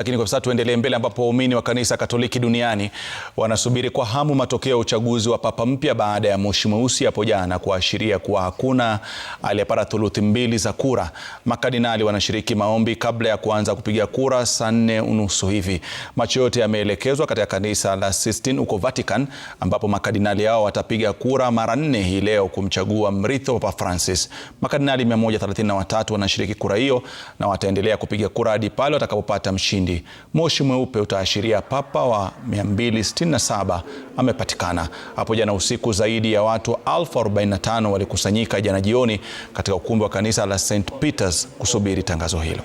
Lakini kwa sasa tuendelee mbele ambapo waumini wa kanisa Katoliki duniani wanasubiri kwa hamu matokeo ya uchaguzi wa papa mpya baada ya moshi mweusi hapo jana kuashiria kuwa hakuna aliyepata thuluthi mbili za kura. makadinali wanashiriki maombi kabla ya kuanza kupiga kura saa nne unusu hivi. Macho yote yameelekezwa katika kanisa la Sistine huko Vatican, ambapo makadinali hao watapiga kura mara nne hii leo kumchagua mrithi wa Papa Francis. Makadinali 133 wanashiriki kura hiyo na wataendelea kupiga kura hadi pale watakapopata mshindi. Malindi. Moshi mweupe utaashiria Papa wa 267 amepatikana. Hapo jana usiku, zaidi ya watu 45 walikusanyika jana jioni katika ukumbi wa kanisa la St Peters kusubiri tangazo hilo.